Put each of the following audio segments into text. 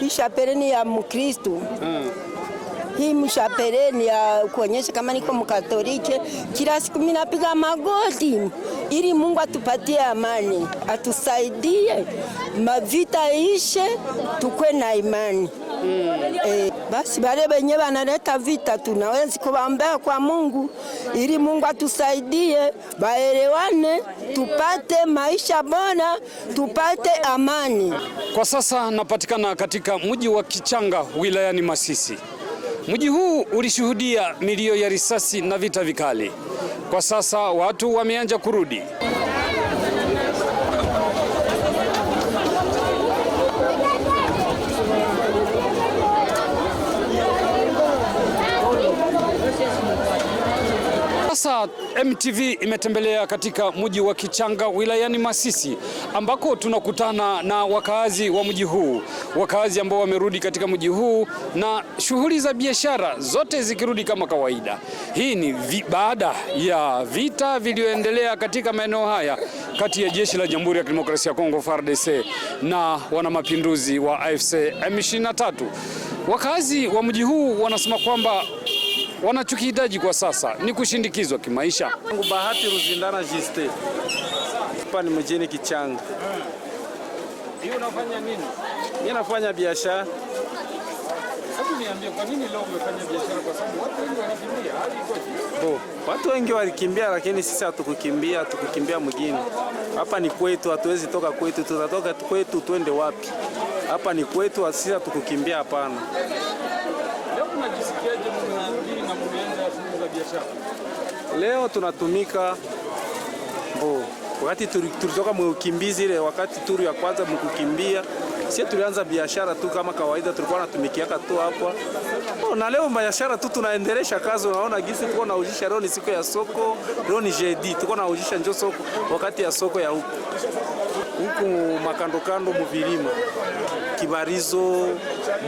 lisha pereni ya Mkristu mm hii mshapere ni ya kuonyesha kama niko Mkatolike. Kila siku mimi napiga magoti ili Mungu atupatie amani, atusaidie mavita ishe, tukwe na imani. Mm. E, basi bale benye banaleta vita tunawezi kuwaombea kwa Mungu ili Mungu atusaidie baelewane, tupate maisha bora, tupate amani. Kwa sasa napatikana katika mji wa Kichanga wilayani Masisi. Mji huu ulishuhudia milio ya risasi na vita vikali. Kwa sasa watu wameanza kurudi. Sasa MTV imetembelea katika mji wa Kichanga wilayani Masisi ambako tunakutana na wakaazi wa mji huu, wakaazi ambao wamerudi katika mji huu na shughuli za biashara zote zikirudi kama kawaida. Hii ni vi, baada ya vita vilivyoendelea katika maeneo haya kati ya jeshi la Jamhuri ya Kidemokrasia ya Kongo FARDC na wanamapinduzi wa AFC M23. Wakazi wa mji huu wanasema kwamba wanachokihitaji kwa sasa ni kushindikizwa kimaisha. Bahati Ruzindana Jiste, hapa ni mjini Kichanga. Hii unafanya nini? Mimi nafanya biashara. Hebu niambie kwa nini leo umefanya biashara kwa sababu watu wengi walikimbia hadi ikoje? Watu wengi walikimbia lakini sisi hatukukimbia, tukukimbia mjini. Hapa ni kwetu, hatuwezi toka kwetu, tutatoka kwetu twende wapi? Hapa ni kwetu, sisi hatukukimbia hapana. Leo tunatumika bo oh, Wakati tulitoka mukimbizi ile, wakati turu ya kwanza mkukimbia, sie tulianza biashara tu kama kawaida, tulikuwa natumikiaka tu hapa no, oh, na leo biashara tu tunaendelesha kazi. Unaona gisi tuko naujisha, leo ni siku ya soko, leo ni jeudi, tuko naujisha njo soko, wakati ya soko ya huku huku makandokando muvilima Kibarizo,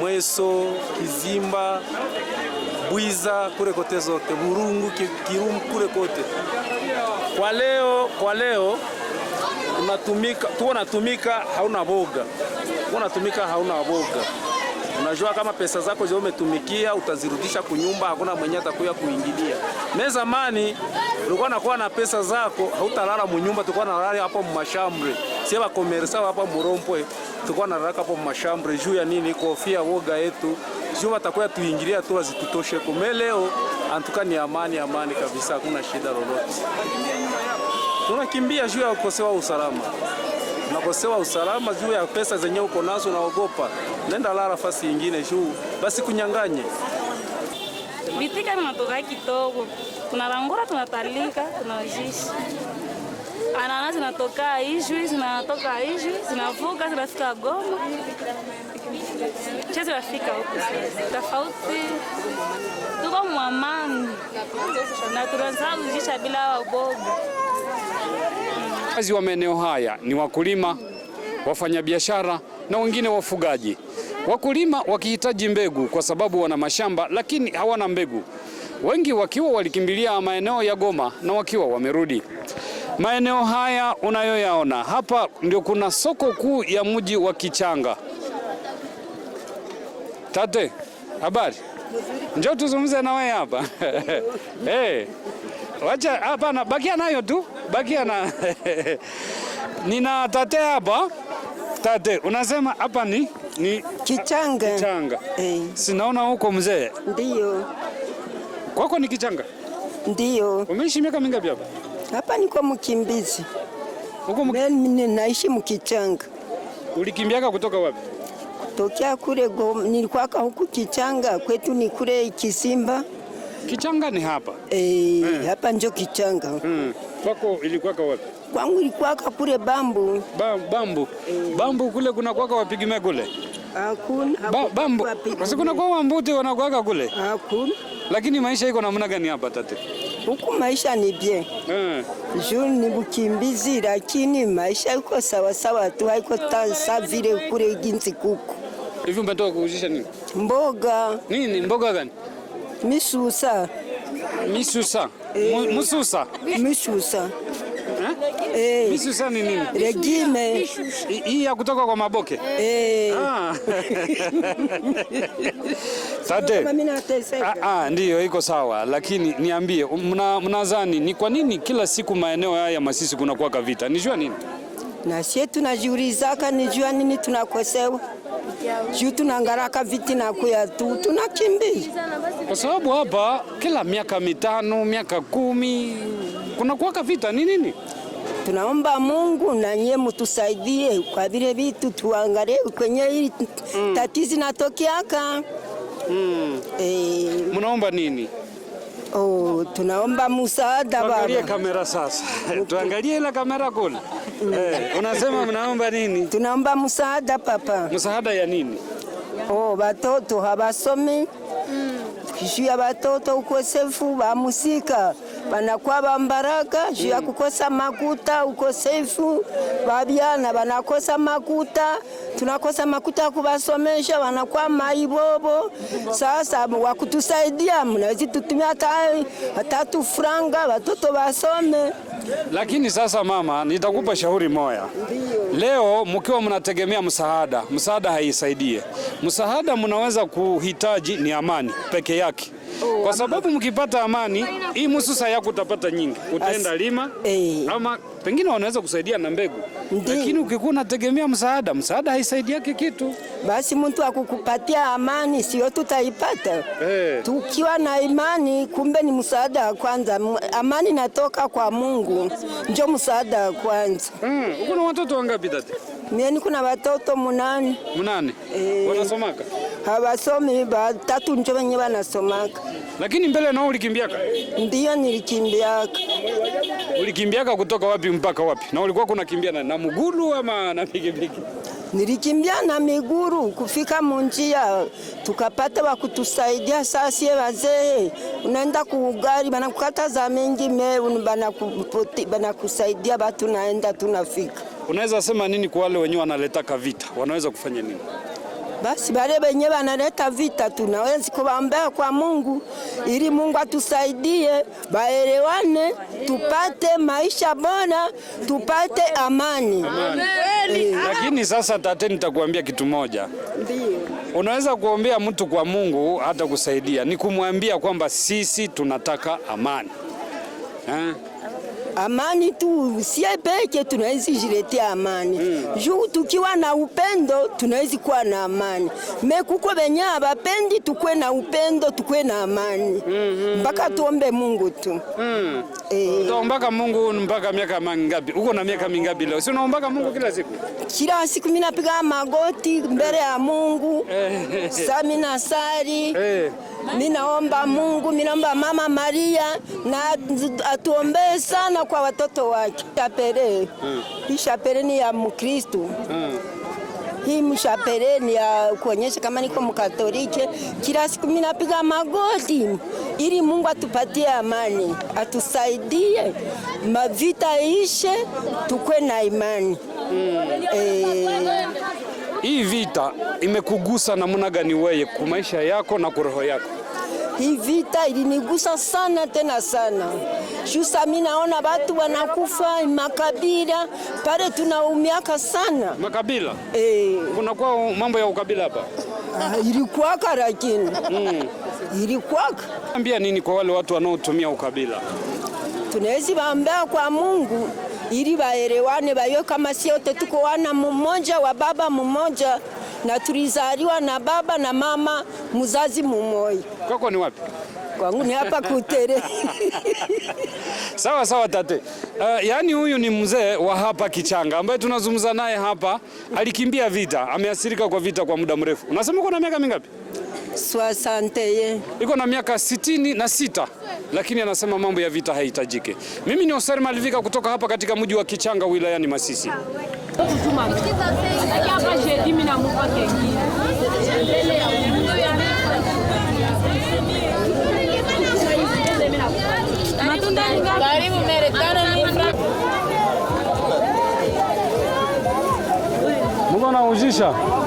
Mweso, Kizimba Bwiza kule kote zote, Burungu, Kirumu kule kote. Kwa leo kwa leo unatumika tu, natumika hauna boga, unatumika hauna boga. Unajua kama pesa zako zile umetumikia utazirudisha kunyumba, hakuna mwenye atakuya kuingilia. Mimi zamani ulikuwa nakuwa na pesa zako, hautalala munyumba, tulikuwa nalala hapo mmashambre. Sie bakomersa hapa Murompwe tulikuwa nalala hapo mmashambre juu ya nini? Kofia woga yetu juu watakuwa tuingilia tu wazitutoshe. Kume leo antuka ni amani amani kabisa, hakuna shida lolote. Tunakimbia juu ya kukosewa usalama, nakosewa usalama juu ya pesa zenye uko nazo, naogopa nenda lala fasi ingine juu basi kunyanganye bitika vinatoka kitogo, tunarangura tunatalika, tunajishi anana zinatoka izwi zinatoka izwi zinavuka zinafika Goma mchezo fika huko tofauti, tuko mwamani na tunazaa bila ubogo. Wakazi wa maeneo haya ni wakulima, wafanyabiashara na wengine wafugaji. Wakulima wakihitaji mbegu kwa sababu wana mashamba lakini hawana mbegu, wengi wakiwa walikimbilia maeneo ya Goma na wakiwa wamerudi maeneo haya unayoyaona hapa, ndio kuna soko kuu ya mji wa Kichanga. Tate, habari? Njoo tuzungumze na wewe hapa. Hey, wacha hapa na bakia nayo tu, bakia na nina tate hapa. Tate, unasema hapa ni ni Kichanga. Kichanga. Hey. Sinaona huko mzee. Ndio. Kwako ni Kichanga? Ndio. Umeishi miaka mingapi hapa? Hapa niko mkimbizi. Huko mkimbizi. Naishi mkichanga. Ulikimbiaka kutoka wapi? tokea kule Goma, nilikwaka huku Kichanga, kwetu ni kule Kisimba. Kichanga ni hapa e, hmm. hapa njo Kichanga hmm. Kwako ilikwaka wapi? Kwangu ilikwaka kule Bambu. ba, bambu e. Bambu kule kuna kwaka wapigime kule hakuna ba, bambu basi kuna kwa wambuti wanakwaka kule hakuna. Lakini maisha iko namna gani hapa tate? Huku maisha ni bien hmm. Juu ni bukimbizi, lakini maisha iko sawasawa tu, haiko sawa vile kule ginzi kuku Hivi umetoka kuuzisha nini? Mboga. Nini mboga gani? Misusa. Misusa. E. Mususa. Misusa. Eh? E. Misusa ni nini? Regime. Hii ya kutoka kwa maboke. Eh. Ah. Sante. Ah, ah, ndio iko sawa, lakini niambie mnadhani ni kwa nini kila siku maeneo haya Masisi kunakuwa kavita? Nijua nini? Na sisi tunajiulizaka nijua nini tunakosewa juu tunangaraka viti na kuya tu tunakimbia, kwa sababu hapa kila miaka mitano miaka kumi kuna kuwaka vita. Ni nini? Tunaomba Mungu na nyie mutusaidie kwa vile vitu tuangalie kwenye hili mm. natokiaka mm. E, mnaomba nini? Oh, tunaomba msaada baba. Angalia kamera sasa. Tuangalie ile kamera kule. Mm. Eh, unasema mnaomba nini? Tunaomba msaada papa. Msaada ya nini? Oh, watoto hawasomi. Mm. Kishia watoto ukosefu wa musika banakuwa bambaraka juu ya kukosa makuta, ukosefu babyana banakosa makuta, tunakosa makuta kubasomesha, wanakuwa maibobo. Sasa wakutusaidia, mnawezi tutumia hata tatu franga watoto wasome lakini sasa mama, nitakupa shauri moya. Leo mkiwa mnategemea msaada, msaada haisaidie. Msaada mnaweza kuhitaji ni amani peke yake, oh, kwa sababu mkipata amani hii mususa yako utapata nyingi, utaenda lima ama pengine wanaweza kusaidia na mbegu. Lakini ukikuwa unategemea msaada, msaada haisaidi yake kitu. Basi mtu akukupatia amani sio tutaipata. Hey. Eh. Tukiwa na imani, kumbe ni msaada wa kwanza. Amani natoka kwa Mungu, njo msaada wa kwanza. Mm. Kuna watoto wangapi dada? Mimi niko na watoto munane. Munane. Eh. Wanasomaka? Hawasomi, batatu njo wenye wanasomaka. Lakini mbele nao ulikimbiaka? Ndio, nilikimbiaka. Ulikimbiaka kutoka wapi mpaka wapi? Na ulikuwa kunakimbia na, na mguru ama na pikipiki? Nilikimbia na miguru kufika munjia, tukapata wakutusaidia. Sasa wazee, unaenda kuugari, za mengi meu, banakusaidia batu, naenda tunafika. Unaweza sema nini kwa wale wenyewe wanaletaka vita, wanaweza kufanya nini? Basi bale benye banaleta vita tunawezi kuwaombea kwa Mungu ili Mungu atusaidie, baelewane, tupate maisha bora, tupate amani. E. Lakini sasa tate, nitakuambia kitu moja. Ndiyo. Unaweza kuombea mtu kwa Mungu hata kusaidia ni kumwambia kwamba sisi tunataka amani eh? amani tu, sie peke tunawezi jiletea amani mm. Juu tukiwa na upendo tunawezi kuwa na amani mekuko benye abapendi, tukwe na upendo tukwe na amani hmm. mpaka mm -hmm. Tuombe Mungu tu mm. E. Mungu mpaka miaka mangapi? Uko na miaka mingapi leo? Si unaombaka Mungu kila siku? Kila siku mimi napiga magoti mbele ya Mungu. Eh. Sami na sari. Eh. Mimi naomba Mungu, mimi naomba Mama Maria na atuombee sana kwa watoto wake. Shapere mm. hii shapere ni ya Mkristo mm. hii mshapere ni ya kuonyesha kama niko Mkatoliki. Kila siku mimi napiga magoti ili Mungu atupatie amani, atusaidie mavita ishe, tukwe na imani mm. eh, hii vita imekugusa namna gani weye kwa maisha yako na kwa roho yako? Hii vita ilinigusa sana tena sana. Shusa mimi naona watu wanakufa makabila pale, tunaumiaka sana makabila. Eh, kuna kwa mambo ya ukabila hapa uh, ilikuwaka lakini mm. ilikuwaka. Ambia nini kwa wale watu wanaotumia ukabila? Tunaweza waambia kwa Mungu ili baelewane, bayo kama si wote tuko wana mmoja wa baba mmoja, na tulizaliwa na baba na mama mzazi mmoja. Kwako ni wapi? Kwangu ni hapa Kutere. Sawa sawa tate. Uh, yaani huyu ni mzee wa hapa Kichanga ambaye tunazungumza naye hapa, alikimbia vita, ameathirika kwa vita kwa muda mrefu. Unasema uko na miaka mingapi? swasanteye iko na miaka sitini na sita lakini anasema mambo ya vita haihitajike. Mimi ni Hoser Malivika kutoka hapa katika mji wa Kichanga wilayani Masisi. Mbona unaujisha?